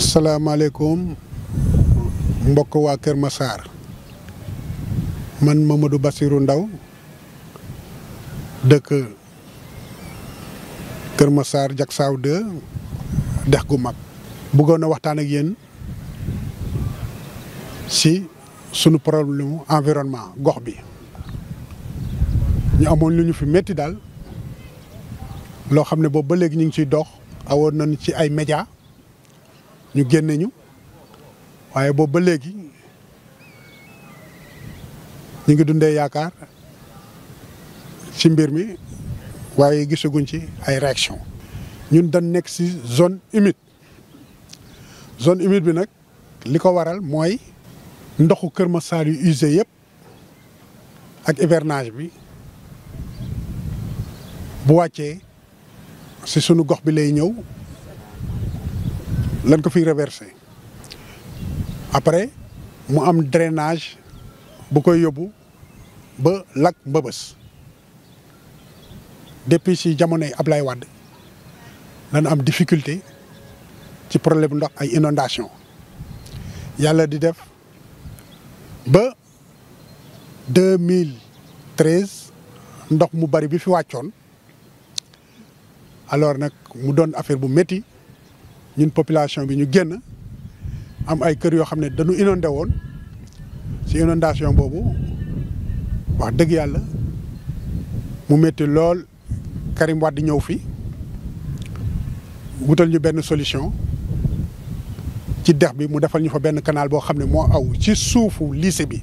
asalaamaaleykum mbokk waa Kër Massar man Mamadou Bassirou Ndaw dëkk Kër Massar Diacksao 2 dex gu mag bëggoon na waxtaan ak yéen si sunu problème environnement gox bi ñu amoon lu ñu fi metti daal loo xam ne boobu ba léegi ñu ngi ciy dox awoon nañu ci ay média ñu génne ñu waaye boobu ba léegi ñu ngi dundee yaakaar ci mbir mi waaye gisaguñ ci ay réaction ñun dañ nekk si zone humide zone humide bi nag li ko waral mooy ndoxu Kër Masar yu use yëpp ak hivernage bi bu wàccee si sunu gox bi lay ñëw lañ ko fiy reversé après mu am drainage bu koy yóbbu ba lac Mbëbës depuis si jamonoy Ablaye Wade lañ am difficulté ci problème ndox ay inondation yàlla di def ba 2013 ndox mu bari bi fi wàccoon alors nag mu doon affaire bu metti ñun population bi ñu génn am ay kër yoo xam ne dañu inondé woon ci inondation boobu wax dëgg yàlla mu metti lool Karim Wade ñëw fi wutal ñu benn solution ci dex bi mu defal ñu fa benn kanaal boo xam ne moo aw ci suufu lycée bi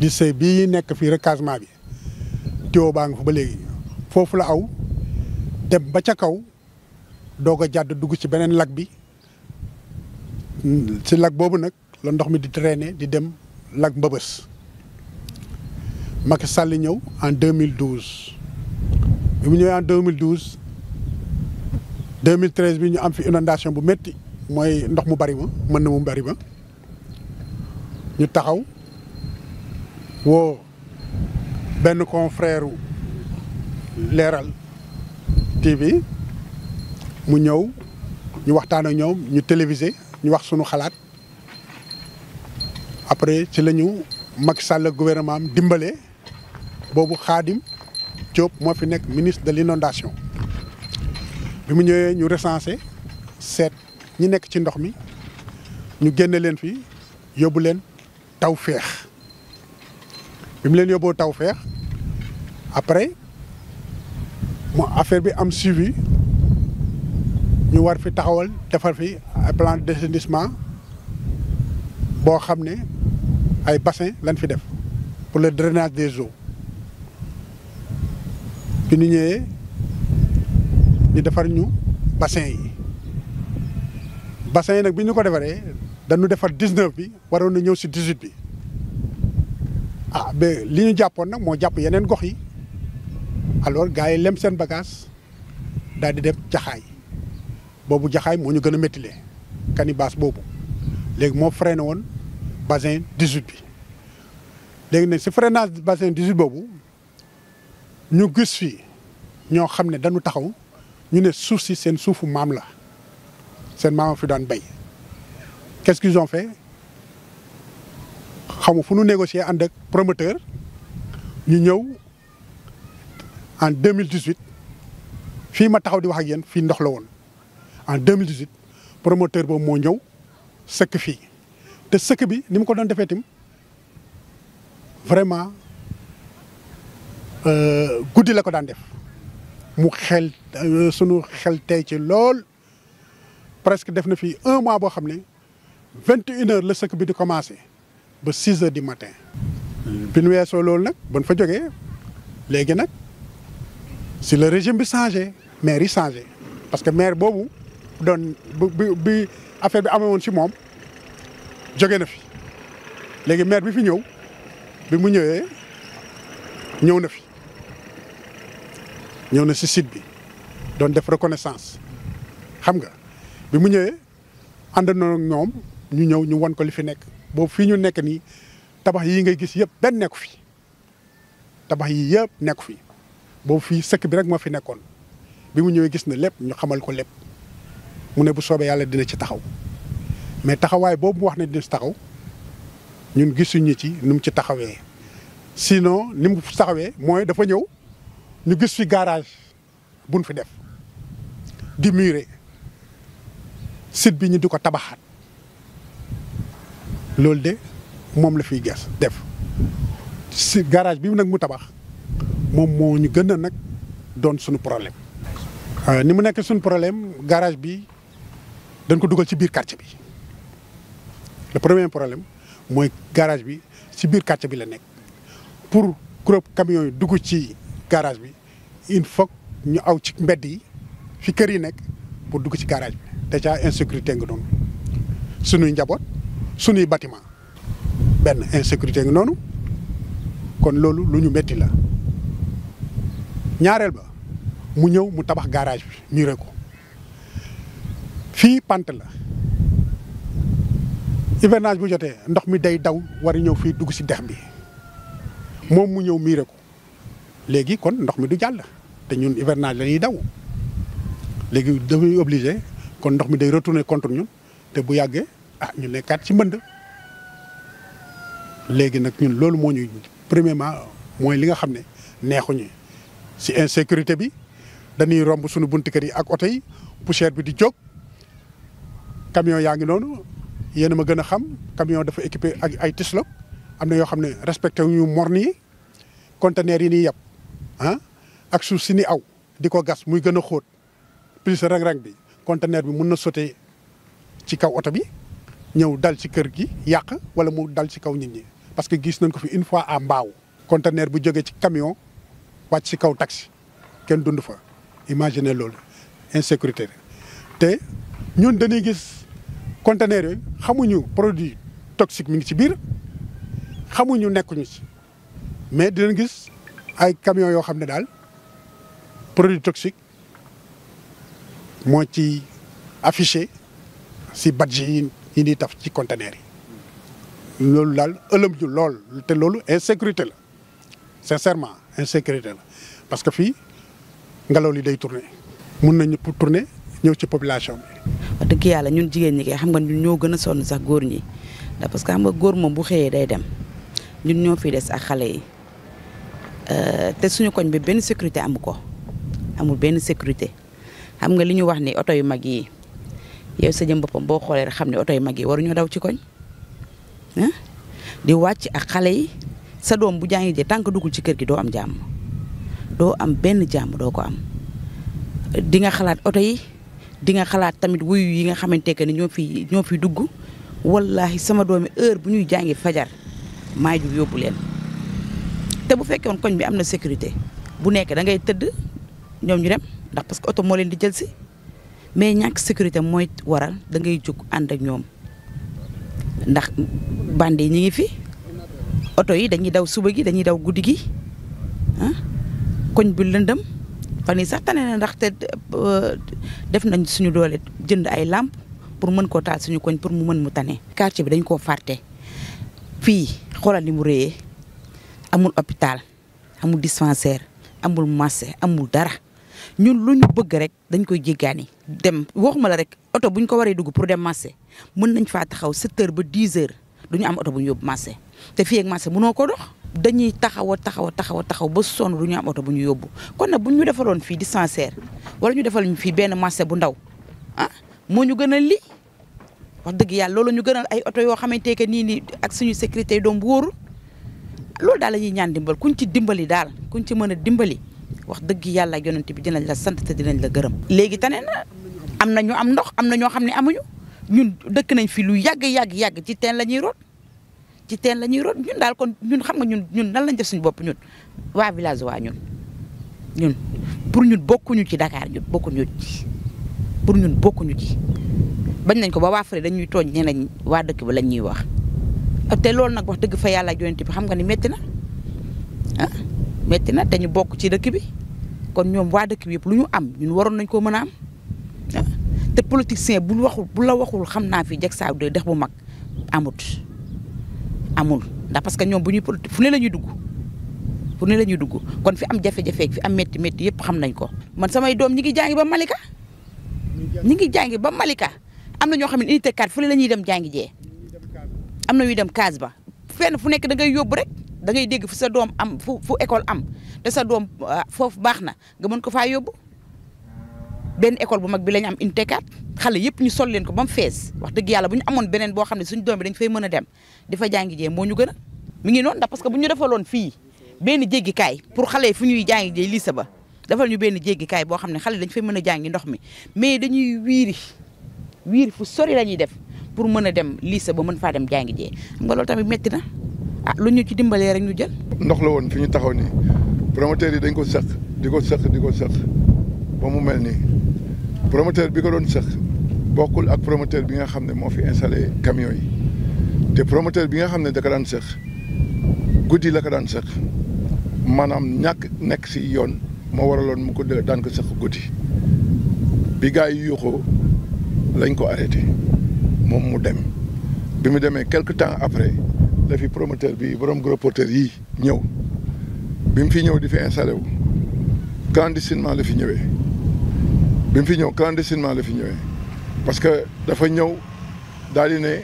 lycée bi nekk fii recasement bi tuyau baa ngi fa ba léegi foofu la aw dem ba ca kaw doog a jàdd dugg ci beneen lag bi ci lag boobu nag la ndox mi di trainé di dem lac Mbëbës Macky Sall ñëw en 2012 bi mu ñëwee en 2012 2013 bi ñu am fi inondation bu metti mooy ndox mu bari ma mën na mu bari ma ñu taxaw woo benn confrère leeral TV mu ñëw ñu waxtaan a ñëw ñu télévisé ñu wax sunu xalaat après ci la ñu Macky Sall gouvernement am dimbale boobu xaadim Diop moo fi nekk ministre de l'inondation bi mu ñëwee ñu recensé seet ñi nekk ci ndox mi ñu génne leen fi yóbbu leen Tawfekh bi mu leen yóbboo Tawfekh après mu affaire bi am suivi ñu war fi taxawal defar fi ay plan d'assainissement boo xam ne ay bassin lañ fi def pour le drainage des eaux bi ñu ñëwee ñu defar ñu bassin yi bassin yi nag bi ñu ko defaree danu defar dix-neuf bi waroon na ñëw si dix-huit bi ah ba li ñu jàppoon nag moo jàpp yeneen gox yi alors gars yi lem seen bagage daal di def jaxaay boobu jaxaay moo ñu gën a méttilé canibaas boobu léegi moo freiné woon basin 18 bi léegi nag si freinage bassin 18 boobu ñu gis fi ñoo xam ne dañu taxaw ñu ne suuf si seen suufu maam la seen maam fi daan bay qu'est-ce qu'ils ont fait xamu fu ñu négocier ànd ak promoteur ñu ñëw en 2018 fii ma taxaw di wax ak yéen fii ndox la woon en 2018 promoteur boobu moo ñëw sëkk fii te sëkk bi ni mu ko doon defee itam vraiment euh, guddi la ko daan def mu xel euh, sunu xel tey ci lool presque def na fi un mois boo xam ne vingt une heures la sëkk bi di commencé ba six heures du matin bi nu weesoo loolu nag ban fa jógee léegi nag si le régime bi changé maire yi changé parce que maire boobu doon bi bi affaire bi amee si moom jóge na fi léegi maire bi fi ñëw bi mu ñëwee ñëw na fi ñëw na si site bi doon def reconnaissance xam nga bi mu ñëwee ànd na ñoom ñu ñëw ñu won ko li fi nekk boobu fii ñu nekk nii tabax yii ngay gis yëpp benn nekku fi tabax yii yëpp nekku fi boobu fii sëkk bi rek moo fi nekkoon bi mu ñëwee gis na lépp ñu xamal ko lépp mu ne bu soobee yàlla dina ci taxaw mais taxawaay boobu mu wax ne dina ci taxaw ñun gisuñu ci nu ci taxawee. sinon ni mu taxawee mooy dafa ñëw ñu gis fi garage buñ fi def di muré site bi ñu di ko tabaxaat loolu de moom la fiy gas def si garage bi nag mu tabax. moom moo ñu gën a nag doon suñu problème. Euh, ni mu nekk suñu problème garage bi dañ ko dugal ci biir quartier bi le premier problème mooy garage bi ci biir quartier bi la nekk pour groupe camions yi dugg ci garage bi il faut ñu aw ci mbedd yi fi kër yi nekk pour dugg ci garage bi déjà insécurité nga noonu suñuy njaboot suñuy bâtiment benn insécurité ngi noonu kon loolu lu ñu metti la. ñaareel ba mu ñëw mu tabax garage bi muré ko fii pant la hivernage bu jotee ndox mi day daw war ñëw fii dugg ci dex bi moom mu ñëw muré ko léegi kon ndox mi du jàll te ñun hivernage lañuy daw léegi dañuy obligé kon ndox mi day retourner contre ñun te bu yàggee ah ñu nekkaat ci mbënd léegi nag ñun loolu moo ñuy premièrement mooy li nga xam ne neexuñu si insécurité bi dañuy romb sunu buntu kër yi ak oto yi poussière bi di jóg camion yaa ngi noonu yéen a ma gën a xam camion dafa équipé ak ay tislo am na yoo xam ne respecté wuñu morne yi conteneur yi nii yàpp ah ak suuf si ni aw di ko gas muy gën a xóot plus rang-rang bi conteneur bi mun na sauter ci kaw oto bi ñëw dal ci kër gi yàq wala mu dal ci kaw nit ñi parce que gis nañ ko fi une fois à mbaaw conteneur bu jógee ci camion wàcc ci kaw taxi kenn dund fa imagine loolu insécurité te ñun dañuy gis conteneur yooyu xamuñu produit toxique mi ngi ci biir xamuñu nekkuñu ci mais dinañ gis ay camions yoo xam ne daal produit toxique moo ci affiché si badge yi yi taf ci conteneur yi loolu daal ëlëm ju lool te loolu insécurité la sincèrement insécurité la parce que fii ngelaw li day tourner mun nañu pour tourner ñëw ci population bi. wax yàlla ñun jigéen ñi kay xam nga ñun ñoo gën a sonn sax góor ñi ndax parce que xam nga góor moom bu xëyee day dem ñun ñoo fii des ak xale yi euh, te suñu koñ bi benn sécurité amu ko amul benn sécurité xam nga li ñu wax ni oto yu mag yi yow sa jëm boppam boo xoolee rek xam ne oto yu mag yi waruñoo daw ci koñ di wàcc ak xale yi. sa doom bu jàngi jee tànk duggul ci kër gi doo am jàmm doo am benn jàmm doo ko am di xalaat oto yi di nga xalaat tamit wuy yi nga xamante que ni ñoo fi ñoo fi dugg wallahi sama doomi heure bu ñuy jàngi fajar maa jug yóbbu leen te bu fekkee woon koñ bi am na sécurité bu nekk da ngay tëdd ñoom ñu dem ndax parce que oto moo leen di jël si mais ñàkk sécurité mooy waral da ngay jóg ànd ak ñoom ndax bande yi ñi ngi fi oto yi dañuy daw suba gi dañuy daw guddi gi ah koñ bi lëndëm fan yi sax tane na ndaxte euh, def nañ suñu doole jënd ay làmp pour mën koo taal suñu koñ pour mu mën mu tane. quartier bi dañ koo farte fii xoolal ni mu rëyee amul hôpital amul dispensaire amul marché amul dara ñun lu ñu bëgg rek dañ koy jéggaani dem waxuma la rek oto bu ñu ko waree dugg pour dem marché mën nañ faa taxaw 7 heures ba 10 heures. du ñu am oto bu ñu yóbbu marché te fii ak munoo ko dox dañuy taxaw a taxaw a taxaw taxaw ba sonn du ñu am oto bu ñu yóbbu kon nag bu ñu defaroon fii di sincère wala ñu defal ñu fii benn marché bu ndaw ah moo ñu gënal li wax dëgg yàlla loolu ñu gënal ay oto yoo xamante que nii nii ak suñu sécurité doom bu loolu daal la ñaan dimbal kuñ ci dimbali daal kuñ ci mën a dimbali wax dëgg yàlla ak yonent bi dinañ la sant te dinañ la gërëm. léegi tane am na ñu am ndox am na ñoo xam ne amuñu. ñun dëkk nañ fi lu yàgg yàgg yàgg ci teen la ñuy root ci teen la ñuy root ñun daal kon ñun xam nga ñun ñun nan lañ def suñu bopp ñun waa village waa ñun ñun pour ñun bokkuñu ci dakaar ñun bokkuñu ci pour ñun bokkuñu ci bañ nañ ko ba waa Fare dañuy tooñ nañ waa dëkk ba lañ ñuy wax te loolu nag wax dëgg fa yàlla yonent bi xam nga ni métti na ah métti na te ñu bokk ci dëkk bi kon ñoom waa dëkk bi yëpp lu ñu am ñun waroon nañ koo mën a am. te politicien bu waxul bu la waxul xam naa fi Diacksao de dex bu mag amut amul ndax parce que ñoom bu ñuy politique fu ne la ñuy dugg fu ne la ñuy dugg kon fi am jafe-jafe fi am métti métti yëpp xam nañ ko. man samay doom ñi ngi jàngi ba Malika ñi ngi jàngi ba Malika am na ñoo xam ne unité 4 fu ne la ñuy dem jàngi jee am na ñuy dem case ba fenn fu nekk da ngay yóbbu rek. da ngay dégg fu sa doom am fu fu école am te sa doom ah, foofu baax na nga mën ko faa yóbbu benn école bu mag bi la ñu am unité 4 xale yëpp ñu sol leen ko ba fees wax dëgg yàlla bu ñu amoon beneen boo xam ne suñu doom bi dañ fay mën a dem di fa jàngi jee moo ñu gën a mi ngi noonu ndax parce que bu ñu defaloon fii benn jéggikaay pour xale fu ñuy jàngi jee lycée ba defal ñu benn jéggikaay boo xam ne xale dañ fay mën a jàngi ndox mi mais dañuy wiiri wiiri fu sori la ñuy def pour mën a dem lycée ba mën faa dem jàngi jee xam tamit métti na ah lu ñu ci dimbalee rek ñu jël ndox la woon fi ñu taxaw nii promoteur yi dañ ko sëq di ko sëq di ko sëq ba mu mel nii promoteur bi ko doon sëq bokkul ak promoteur bi nga xam ne moo fi installé camion yi te promoteur bi nga xam ne da ko daan sëq guddi la ko daan sëq maanaam ñàkk nekk si yoon moo waraloon mu ko daan ko sëq guddi bi gars yi yuuxoo lañ ko arrêté moom mu dem bi mu demee quelque temps après la fi promoteur bi borom gros porteur yii ñëw bi mu fi ñëw di fi installé wu clandestinement la fi ñëwee. bi fi ñëw clandestinement la fi ñëwee parce que dafa ñëw daal di ne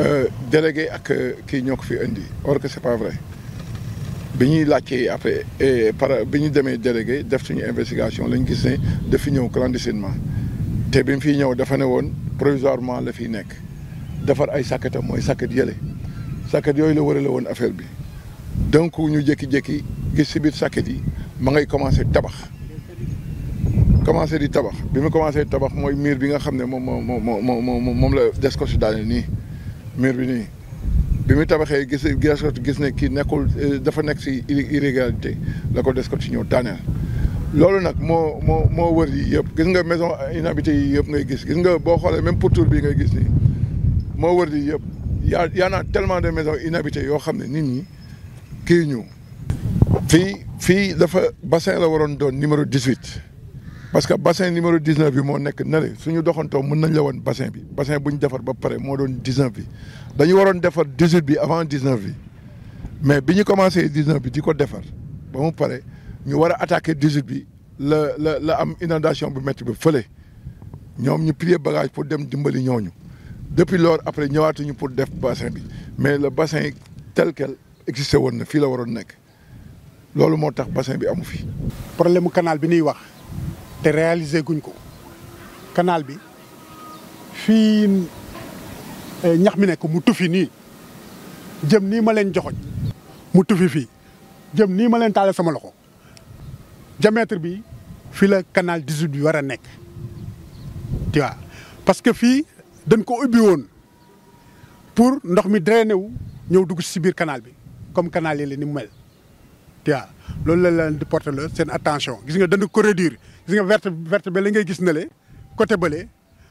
euh, délégué ak euh, kii ñokk ko fi indi or que c'est pas vrai bi ñuy laajtee après par bi ñu demee délégué def suñu investigation lañ gis ne dafa ñëw clandestinement te bi mu fiy ñëw dafa ne woon provisoirement la fiy nekk defar ay sàkketam mooy sàkket yële sàkket yooyu la warale woon affaire bi donc ñu jékki-jékki gis si biir sàkket yi ma ngay commencé tabax commencé di tabax bi mu commencé tabax mooy miir bi nga xam ne moom moo moo moo moom la descoche daane nii miir bi nii bi mu tabaxee gis gis ne kii nekkul eh, dafa nekk si irrégularité la ko ci ñëw daaneel. loolu nag moo moo moo wër yi yëpp gis nga maison inhabitée yi yëpp ngay gis gis nga boo xoolee même pourtour bi ngay gis nii moo wër yi yëpp yaa yaa naa tellement de maisons inhabitées yoo xam ne nit ñi kii ñu. fii fii dafa bassin la waroon doon numéro 18. parce que bassin numéro 19 bi moo nekk na le suñu doxantoo mën nañ la woon bassin bi bassin bu ñu defar ba pare moo doon 19 bi dañu waroon defar 18 bi avant 19 bi mais bi ñu commencé 19 bi di ko defar ba mu pare ñu war a attaqué 18 bi la la la am inondation bu métti bi fële ñoom ñu plier bagage pour dem dimbali ñooñu depuis lors après ñëwaatuñu pour def bassin bi mais la bassin tel quel existé woon na fii la waroon nekk loolu moo tax bassin bi amu fi. problème mu bi ñuy wax. te réaliser guñ ko canal bi fii eh, ñax mi nekk mu tufi nii jëm nii ma leen joxoñ mu tufi fii jëm nii ma leen taale sama loxo diamètre bi fii la canal 18 bi war a nekk tu vois parce que fii dañ ko ubbi woon pour ndox mi drainer wu ñëw dugg ci biir canal bi comme kanaal yi la ni mu mel tia loolu la leen di porter la seen attention gis nga dana ko réduire gis nga verte verte ba la ngay gis ne le côté bële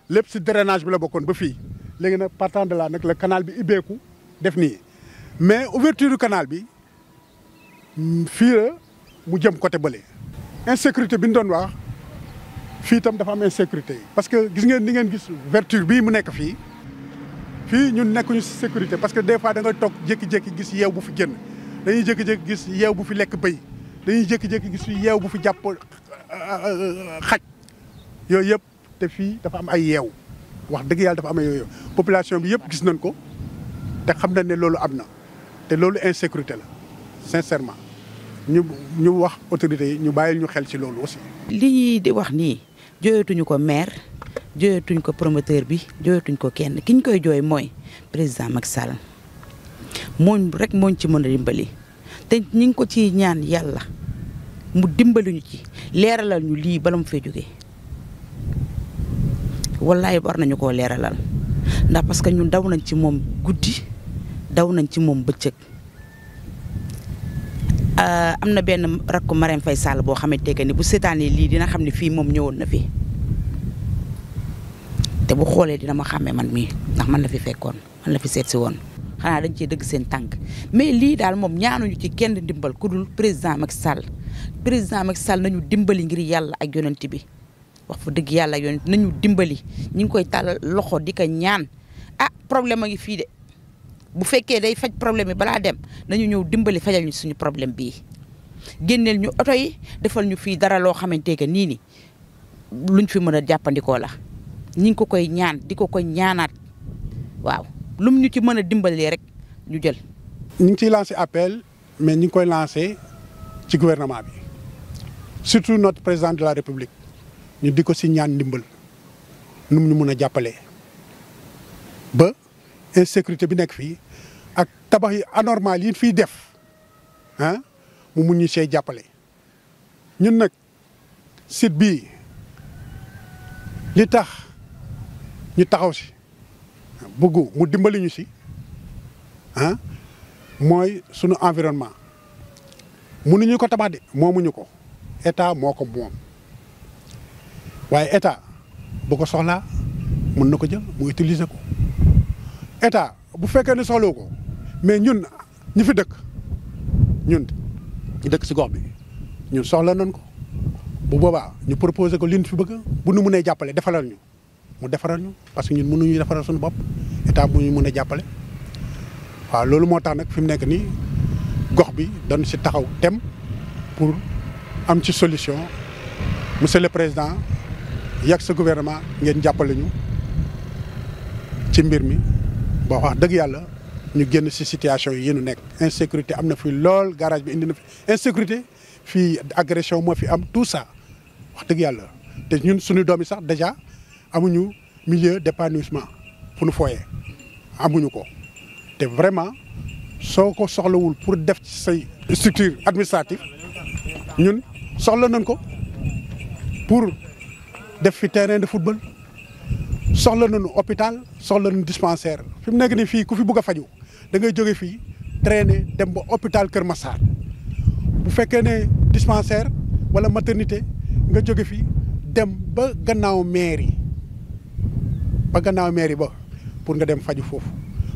lépp si drainage bi la bokkoon ba fii léegi nag partant de là nag la canal bi ibbeeku def nii mais ouverture du bi mm, fii la mu jëm côté bële insécurité bi ñu doon wax fii itam dafa am insécurité parce que gis ngeen ni ngeen gis verture bi mu nekk fii fii ñun nekkuñu si sécurité parce que des fois da nga toog jékki gis yeew bu fi génn dañuy jékki-jékki gis yeew bu fi lekk bëy dañuy jékki-jékki gis fi yeew bu fi jàpp euh, euh, euh, xaj yooyu yëpp te fii dafa am ay yeew wax dëgg yàlla dafa am ay yooyu population bi yëpp gis nañ ko te xam na ne loolu am na te loolu insécurité la sincèrement ñu ñu wax autorités yi ñu bàyyil ñu xel ci loolu aussi. lii di wax nii jooyatuñu ko maire jooyatuñ ko promoteur bi jooyatuñ ko kenn ki koy jooy mooy président Macky Sall. mooñ rek mooñ ci mën a dimbali te ñi ngi ko ci ñaan yàlla mu dimbali ñu ci leeralal ñu lii bala mu fee jógee wallaay war nañu koo leeralal ndax parce que ñun daw nañ ci moom guddi daw nañ ci moom bëccëg ah, am na benn rakku Marème fay Sall boo xamante ne bu seetaanee lii dina xam ni fii moom ñëwoon na fi te bu xoolee dina ma xàmmee man mii ndax man la fi fekkoon man la fi seet si woon xanaa dañ cee dëgg seen tànk mais lii daal moom ñaanuñu ci kenn dimbal ku dul président Macky Sall président Macky Sall nañu dimbali ngir yàlla ak yonent bi wax fa dëgg yàlla ak yonent nañu dimbali ñu ngi koy tàllal loxo di ko ñaan ah problème a ngi fii de bu fekkee day faj problème yi balaa dem nañu ñëw dimbali fajal ñu suñu problème bii génneel ñu oto yi defal ñu fii dara loo xamante que nii ni luñ fi mën a jàppandikoo la ñu ngi ko koy ñaan di ko koy ñaanaat waaw lum ñu ci mën a dimbalee rek ñu jël. ñu ngi ciy lancé appel mais ñu ngi koy lancé ci gouvernement bi surtout notre président de la république ñu di ko si ñaan ndimbal nu mu ñu mën a jàppalee ba sécurité bi nekk fii ak tabax yi anormal yi fii def ah mu mun ñu see jàppale ñun nag site bii li tax ñu taxaw si. bëggu mu dimbali ñu si ah mooy sunu environnement mënuñu ko tabax de moomuñu ko état moo ko moom waaye état bu ko soxlaa mun na ko jël mu utiliser ko état bu fekkee ne soxlawu ko mais ñun ñi fi dëkk ñun ñi dëkk si gox bi ñun soxla nañ ko bu boobaa ñu proposé ko liñ fi bëgg bu nu mënee jàppale defalal ñu. mu defaral ñu parce que ñun mënuñu defaral suñu bopp état bu ñu mun a jàppale waaw loolu moo tax nag fi mu nekk nii gox bi dañu si taxaw tem pour am ci solution monsieur le président yàgg sa gouvernement ngeen jàppale ñu ci mbir mi boo wax dëgg yàlla ñu génn si situation yi ñu nekk insécurité am na fi lool garage bi indi na fi insécurité fii agression moo fi am tout ça wax dëgg yàlla te ñun suñu doom yi sax déjà amuñu milieu d'épanouissement fu nu fooyee amuñu ko te vraiment soo ko soxlawul pour def ci say structure administrative ñun soxla nañ ko pour def fi terrain de football soxla nañu hôpital soxla nañu dispensaire fi mu nekk nii fii ku fi bugg a faju da ngay jóge fii traîner dem ba hôpital Kër Massar bu fekkee ne dispensaire wala maternité nga jóge fii dem ba gannaaw mairie ba gannaaw mairie ba pour nga dem faju foofu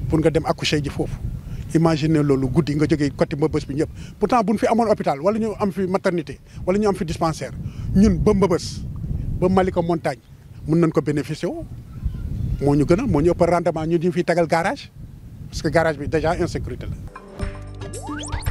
pour nga dem accoucher ji foofu imagine loolu guddi nga jógee côté mbëbës bi ñëpp pourtant bu ñu fi amoon hôpital wala ñu am fi maternité wala ñu am fi dispensaire ñun ba mbëbës ba mali ko montagne mun nañ ko bénéficier woo moo ñu gën a moo ñu ëpp rendement ñun ñu fi tagal garage parce que garage bi déjà insécurité la